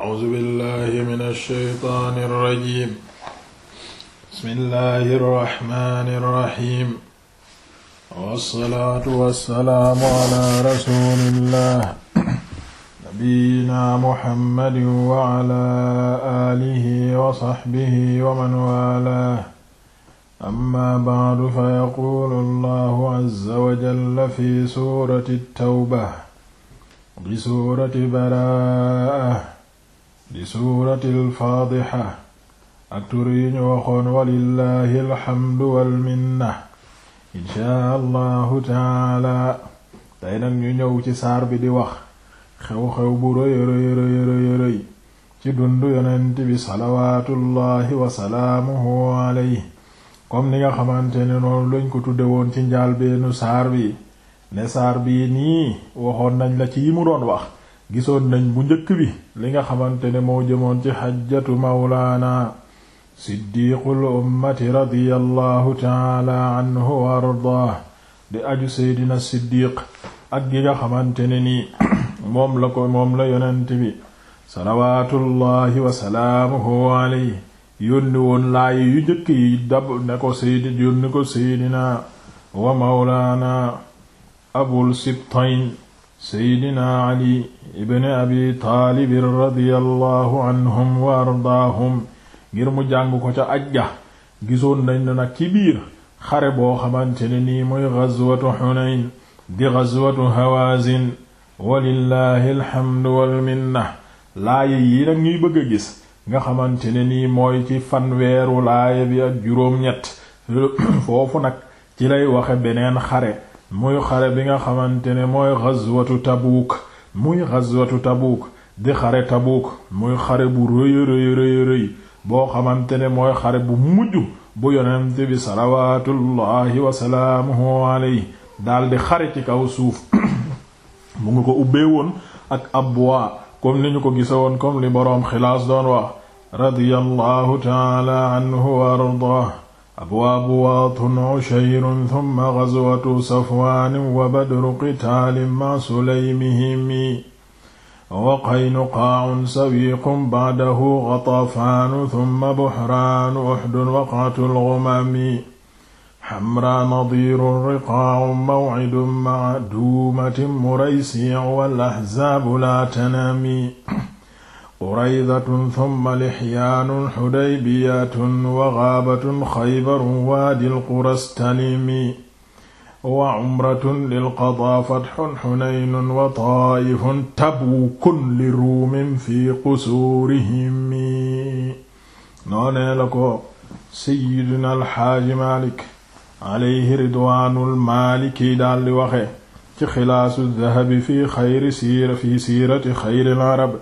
أعوذ بالله من الشيطان الرجيم بسم الله الرحمن الرحيم والصلاة والسلام على رسول الله نبينا محمد وعلى آله وصحبه ومن والاه أما بعد فيقول الله عز وجل في سورة التوبة بسورة براءة di suuratil faadixa ak tur yi ñu waxoon walillahi alxamdu walminna inchaa allahu taala tey nag ñu ñëw ci saar bi di wax xew-xew bu rëy rëy rëy ci dundu yonent bi salawaatullahi wasalaamuhu alayhi comme ni nga xamante ne noonu lañ ko tudde woon ci njaal beenu saar bi ne saar bii nii waxoon nañ la ci yi mu doon wax gisoon nañ bu njëkk bi li nga xamante ne moo jëmoon ci xajjatu mawlaana siddiqul ummati radiyallahu taala anhu wa ardaah di aju seydina siddiq ak gi nga xamante ne nii moom la ko moom la yonent wa salaamuhu alayhi yónni woon laayi yu njëkk yi dab ne ko saydi wa mawlaana abul sibtayn seydina ali ibn abi taalib radiyallahu anhum wa ardaahum ngir mu jàng ko ca ajja ga nañ na nag ci xare boo xamante ne nii muy gazwatu xunayn di gazwatu hawazin walillahi alhamdu walminna laaya yi nag ñuy bëgg a gis nga xamante ne nii mooy ci fanweeru laaya bi ak juróom-ñett foofu nag ci lay waxe beneen xare muy xare bi nga xamante ne mooy ghazwatu Tabuuk muy ghazwatu Tabuuk di xare Tabuuk muy xare bu rëy rëy rëy boo xamante ne mooy xare bu mujj bu yonent bi salawaatullaahi wasalaamuhu dal di xare ci kaw suuf mu ngi ko ubbee woon ak abwa comme ni ñu ko gisa woon comme li boroom xilaas doon wax radiyallahu taala anhu wa ardaa abwaabu waatun ushayrun thumma ghazwatu safwaanin wa badru qitaalin ma sulaymihimi wa qaynuqaa'un sawiiqun ba'dahu ghatafaanu thumma buhraanu uhdun waqatul ghumami xamraa nadiirun riqaa'un maw'idun ma'a duumatin muraysi' wal ahzaabu laa tanaami uraydatun thumma lixyaanun xudaybiyatun wa gaabatun xaybarun waadil qurastalimi wa cumratun lilqadaa fatxun xunaynun wa taa'ifun tabuukun li ruumin fi qusuurihimi noonee la ko sayiduna alxaaji maalik alayhi ridwaanul maaliki daal di waxe ci xilaasu dahabi fi xayri siira fi siirati xayril arab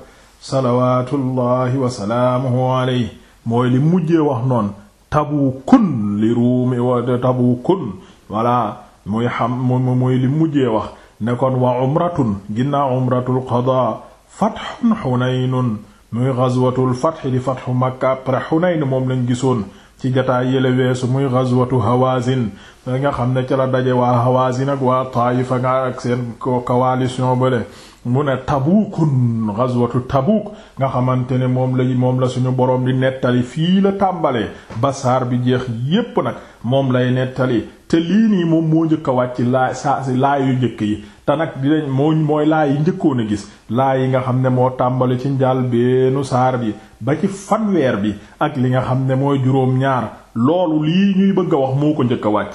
salawaatullahi wa salaamuhu alayhi mooy li mujjee wax noon tabukun li ruumi wa tabukun walla muy xam li mujjee wax ne kon wa umratun ginnaa umratul qadaa fatxun xunaynun muy gazwatul fatx di fatxu makka après xunayn moom lañ gisoon ci jataay yële su muy ghazwatu Hawazin da nga xam ne ca la daje waa Hawazin ak waa Taayif nga ak seen coalition bale mu ne Tabukun ghazwatu Tabuk nga xamante ne moom la moom la suñu boroom di nettali fii la tàmbalee basaar bi jeex yépp nag moom lay nettali te lii nii moom moo njëkk wàcc laa saa si laa yu njëkk yi te nag moo mooy laa yi njëkkoon a gis laa yi nga xam ne moo tàmbali ci njaal beenu saar bi ba ci fanweer bi ak li nga xam ne mooy juróom-ñaar loolu lii ñuy bëgg a wax moo ko njëkk a wàcc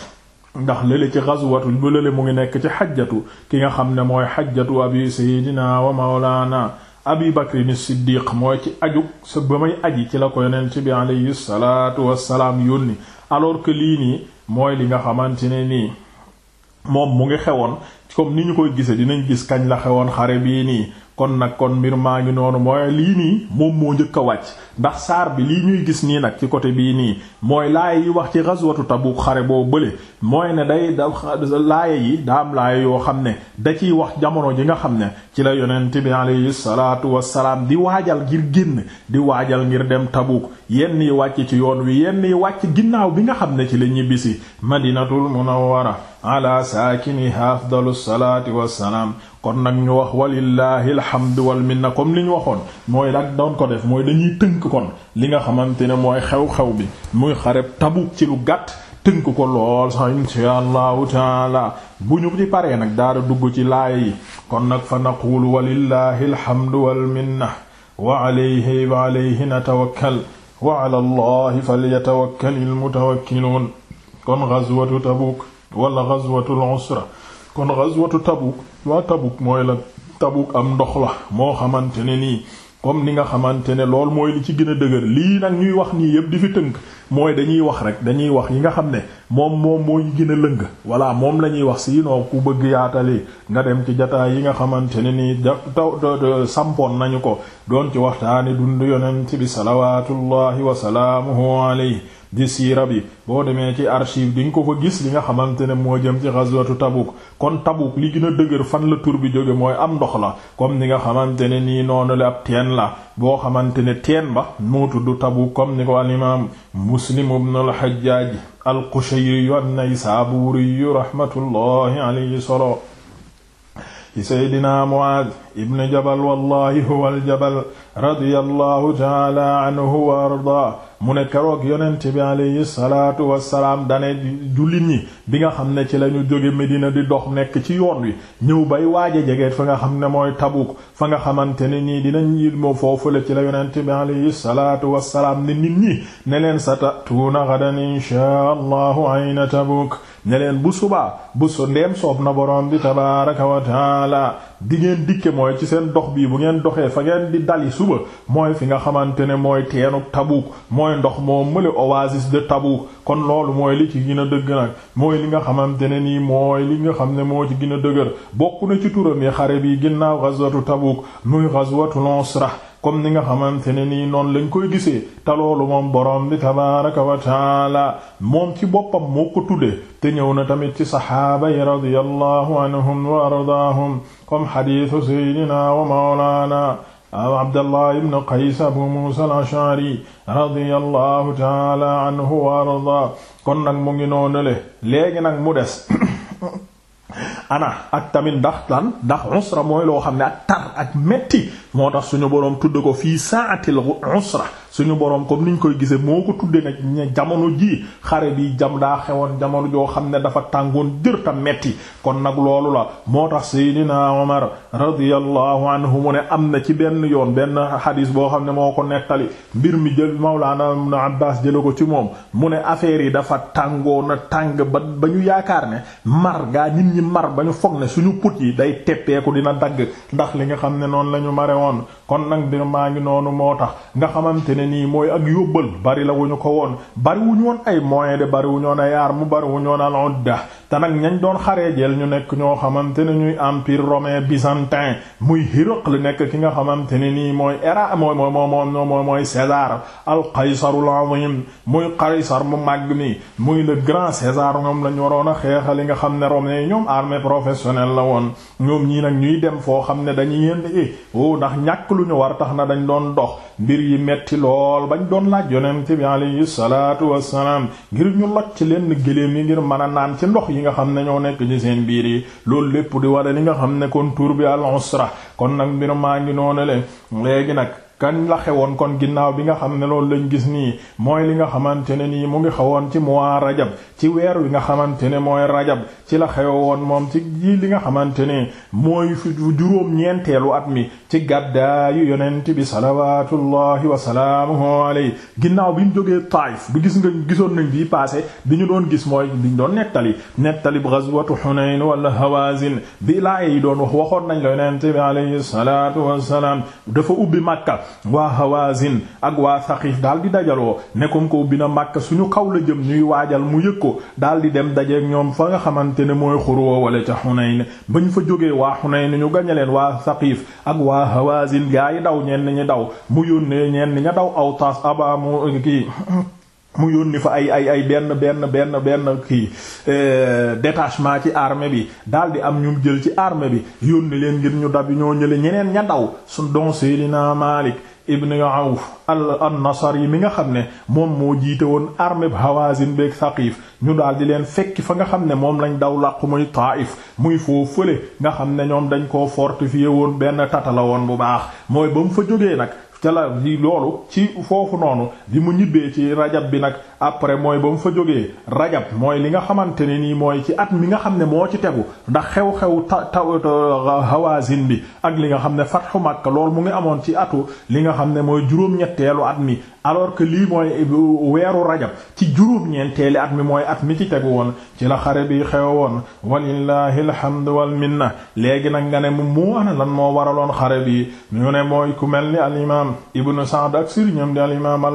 ndax lële ci ghazwatu bu lële mu ngi nekk ci xajjatu ki nga xam ne mooy xajjatu abi sayidina wa mawlana abi bakrin siddiq mooy ci aju sa ba may aji ci la ko ci bi alayhi salaatu wassalaam yónni alors mooy li nga xamante ne nii moom mu ngi xewoon comme ni ñu koy gisee dinañ gis kañ la xewoon xare bii nii kon nag kon mbir maa ngi noonu mooy lii nii moom moo njëkk a wàcc ndax saar bi lii ñuy gis nii nag ci côté bii nii mooy laay yi wax ci ghazwatu Tabuk xare boo bële mooy ne day da laaya yi daam laaya yoo xam ne da ciy wax jamono ji nga xam ne ci la yonent bi alayhi salaatu wassalaam di waajal ngir génn di waajal ngir dem Tabuk yenn yi wàcc ci yoon wi yenn yi wàcc ginnaaw bi nga xam ne ci la ñibbisi madinatul munawwara ala saakiniha afdalu salaati wassalaam kon nag ñu wax walillahi alhamdu wal minna comme li ñu waxoon mooy nag doon ko def mooy dañuy tënk kon li nga xamante ne mooy xew-xew bi muy xareb Tabuk ci lu gàtt tënk ko lool sax insha allahu taala bu ñu ci paree nag daara dugg ci laaya yi kon nag fa naqulu walillahi alhamdu wal minna wa alayhi wa alayhi natawakkal wa ala allahi falyatawakkalil mutawakkiluun kon gazwatu Tabuk wala gazwatul usra kon ghazwatu Tabuk waa Tabuk mooy la Tabuk am ndox la moo xamante ne nii comme ni nga xamante ne lool mooy li ci gën a dëgër lii nag ñuy wax nii yëpp di fi tënk mooy dañuy wax rek dañuy wax yi nga xam ne moom moom mooy gën a lëng voilà moom la ñuy wax sinon ku bëgg yaatali nga dem ci jataay yi nga xamante ne nii ja taw sampoon nañu ko doon ci waxtaani dund yonent bi salawatullahi wasalaamuhu alayhi di siira bi boo demee ci archive di nga ko fa gis li nga xamante ne moo jëm ci ghazwatu Tabuk kon Tabuk li gën a dëgër fan la tur bi jóge mooy am ndox la comme ni nga xamante ne nii noonu la ab teen la boo xamante ne teen ba moo tudd Tabuk comme ni ko al imaam Muslim ibn al-Hajjaj al-Qushayri an-Naysaburi rahmatullahi alayhi solo ci seydina Muaad ibn Jabal wallahi huwa aljabal radiyallahu taala wa arda mu ne keroog yonent bi alayhi salaatu wassalaam dane jullit ñi bi nga xam ne ci lañu ñu jóge Medina di dox nekk ci yoon wi ñëw bay waaja jege fa nga xam ne mooy Tabuk fa nga xamante ne nii dina yit moo foofu la ci la yonent bi alayhi salaatu wassalaam ne nit ñi ne leen sa tatuuna gadan inshaa allahu ayna Tabuk ne bu subaa bu so ndeem soob na borom bi tabaaraka wa taala di ngeen dikke mooy ci seen dox bii bu ngeen doxee fa ngeen di dali suba mooy fi nga xamante ne mooy teenu Tabuk mooy ndox moo mële oasis de Tabuk kon loolu mooy li ci gën a dëgg nag mooy li nga xamante ne nii mooy li nga xam ne moo ci gën a dëgër bokk na ci turam yi xare bi ginnaaw ghazwatu Tabuk muy ghazwatul Usra comme ni nga xamante ne nii noonu lañ koy moom borom bi tabaaraka wa taala moom ci boppam moo ko tuddee te ñëw na tamit ci saxaaba yi radiyallahu wa ardaahum comme xadiisu seydina wa mawlaana abdallah ibn qays abu muusa al-ash'ari radiyallahu taala anhu wa ardaa kon nag mu ngi noonale léegi nag mu des ana ak tamit ndax lan ndax usra mooy loo metti moo tax suñu boroom tudd ko fii saatil usra suñu boroom comme ñu koy gisee moo ko tudde nag ne jamono jii xare bi jam daa xewoon jamono joo xam ne dafa tàngoon jër ta metti kon nag loolu la moo tax Seydina Omar radiyallahu anhu mu ne am na ci benn yoon benn xadiis boo xam ne moo ko nettali mbir mi jël Mawlaana Ibn Abbaas jële ko ci moom mu ne affaire yi dafa tàngoona tàng ba ba ñu yaakaar ne mar gaa nit ñi mar ba ñu foog ne suñu put yi day teppeeku dina dagg ndax li woon kon nag mbir maa ngi noonu moo tax nga xamante ne nii mooy ak yóbbal bari la wu ñu ko woon bari wu ñu woon ay moyen de bari wu ñoon a yaar mu bari wu ñoon al udda te nag ñañ doon xaree jël ñu nekk ñoo xamante ne ñuy empire romain byzantin muy Hiraql nekk ki nga xamante ne nii mooy era mooy mooy mooy mooy César al qaysarul azim muy qaysar mu màgg mi muy le grand César ñoom lañu waroon a li nga xam ne romain yi ñoom armée professionnelle la woon ñoom ñii nag ñuy dem foo xam ne dañuy yéen eh oh ndax ñàkk lu ñu war tax na dañ doon dox mbir yi metti lool bañ doon laaj yonent bi alayhi salaatu wassalaam ngir ñu lot ci leen gëléem yi ngir mën a naan ci ndox yi nga xam ne ñoo nekk ci seen biir yi loolu lépp di wara li nga xam ne kon tur bi al usra kon nag mbir maa ngi noonu le léegi nag kan la xewoon kon ginnaaw bi nga xam ne loolu lañ gis nii mooy li nga xamante ne nii mu ngi xewoon ci mois rajab ci weer wi nga xamante ne mooy rajab ci la woon moom ci ji li nga xamante ne mooy fi juróom-ñeenteelu at mi ci gàddaayu yonent bi salawatullahi wa salaamuhu alayhi ginnaaw bi ñu jógee Taayif bu gis nga gisoon nañ bi passé bi ñu doon gis mooy bi ñu doon nettali nettali ghazwatu Hunayn wala Hawazin bi laay yi doon wax waxoon nañ la yonent bi alayhi salatu dafa ubbi Makka waa Hawazin ak waa Saqif daal di dajaloo ne bi na bina Makka suñu xaw la jëm ñuy waajal mu yëg ko daal di dem dajeek ñoom fa nga xamante ne mooy xurwa wala ca Hunayn bañ fa jógee waa Hunayn ñu gañe leen waa Saqif ak waa Hawazin gaa yi daw ñenn ñi daw mu yónnee ñenn ña daw aw Awtaas abaamu kii mu yónni fa ay ay ay benn benn benn benn kii eh, détachement ci armée bi daal di am ñum jël ci armée bi yónni leen ngir ñu dab ñoo ñële ñeneen ña daw su don Seydina Malik ibn Awf an-Nasri yi mi nga xam ne moom moo jiite woon armée bi Hawazin beeg Saqif ñu daal di leen fekki fa nga xam ne moom lañ daw làqu muy Taif muy foo fële nga xam ne ñoom dañ koo fortifié woon benn tata la woon bu baax mooy ba mu fa jógee nag ca la loolu ci foofu noonu di mu ñibbee ci rajab bi nag après mooy ba mu fa jógee rajab mooy li nga xamante ne nii mooy ci at mi nga xam ne moo ci tegu ndax xew-xew ta taw Hawazin bi ak li nga xam ne fatxu Makka lool mu ngi amoon ci atu li nga xam ne mooy juróom-ñetteelu at mi alors que lii mooy weeru rajab ci juróom-ñeenteeli at mi mooy at mi ci tegu woon ci la xare bi xew woon walillahi alhamdu wal minna léegi nag nga ne mu mu ana lan moo waraloon xare bi ñu ne mooy ku mel ni al imam ibnu Sa'd ak sëriñam di al imam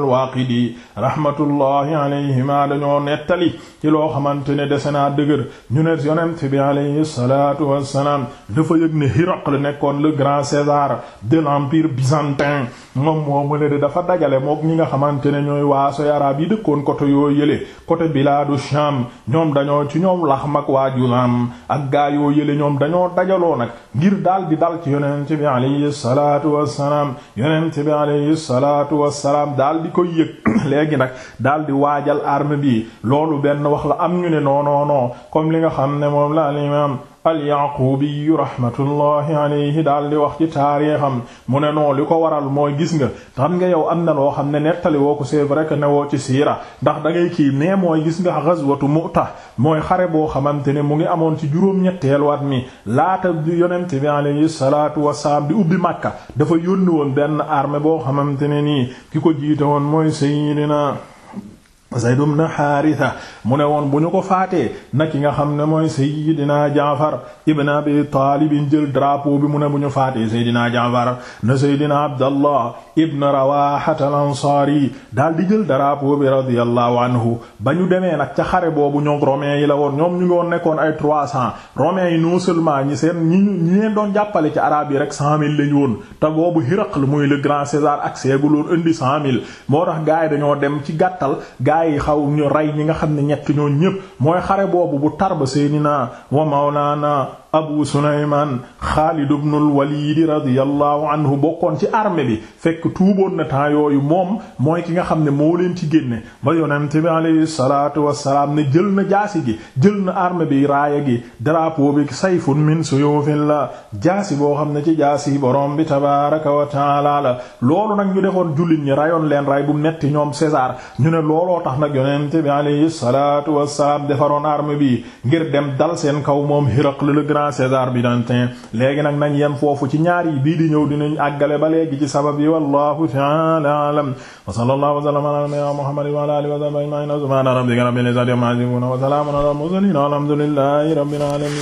alayhima dañoo nettali ci loo xamante ne dese naa dëgër ñu ne yonent bi alayhi salaatu wassalaam dafa yëg ne Hiraql nekkoon le grand César de l'empire byzantin moom moo mu ne dafa dajale mook ñi nga xamante ne ñooy waasoy arab yi dëkkoon côté yoo yële côté biladu Sham ñoom dañoo ci ñoom lax mag waa Julaam ak gaa yoo yële ñoom dañoo dajaloo nag ngir daal di dal ci yonent bi alayhi salaatu wassalaam yonent bi alayhi salaatu wassalaam daal di koy yëg léegi nag daal di waajal arme bi loolu benn wax la am ñu ne non non non comme li nga xam ne moom la al imam al-Yaqubi rahmatullahi alayhi daal di wax ci taarixam mu ne non li ko waral mooy gis nga xam nga yow am na loo xam ne nettali woo ko c'est vrai que ne woo ci siira ndax da ngay kii mais mooy gis nga ghazwatu Mu'ta mooy xare boo xamante ne mu ngi amoon ci juróom-ñetteelu at mi laata yonent bi alayhi salaatu wassalaam di ubbi Makka dafa yónni woon benn armée boo xamante ne nii ki ko jiite a mooy Sayyidina Zayd ibn Haritha mu ne woon bu ñu ko faatee na ki nga xam ne mooy Seydina Jaafar ibn Abi Taalib jël drapeau bi mu ne bu ñu faatee Seydina Jaafar na Seydina Abdallah ibn Rawahat al-Ansari daal di jël drapeau bi radiyallahu anhu ba ñu demee nag ca xare boobu ñoom romains yi la woon ñoom ñu ngi woon nekkoon ay trois cents romains yi non seulement ñi seen ñi ñi leen doon jàppale ci araab yi rek lañu woon te boobu Hiraql muy le grand César ak seeguloon indi moo tax gars dañoo dem ci gàttal gars yi xaw rey ñi nga xam ne ñett ñoo ñépp mooy xare boobu bu tarba seydinaa wa mawlaana abu sulaymaan xaalid ibnul waliid radiyallahu anhu bokkoon ci armée bi fekk tuuboon na temps yooyu moom mooy ki nga xam ne moo leen ci génne ba yonent bi alayhi salaatu wassalaam ne jël na jaasi gi jël na armée bi raaya gi drapeau bi sayfun min suyufin la jaasi boo xam ne ci jaasi borom bi tabaaraka wa taala la loolu nag ñu defoon jullit ñi rayoon leen ray bu metti ñoom César ñu ne looloo tax nag yonent bi alayhi salaatu wassalaam defaroon armée bi ngir dem dal seen kaw moom Hiraql rendra César bi dantin léegi nag nañ yem foofu ci ñaar yi bii di ñëw dinañ àggale ba léegi ci sabab yi wallahu ta'ala a'lam wa sallallahu wa sallama ala nabiyyina muhammadin wa ala alihi wa sahbihi ajma'in subhana rabbika rabbil izzati amma yasifun wa salamun ala al mursalin alhamdulillahi rabbil alamin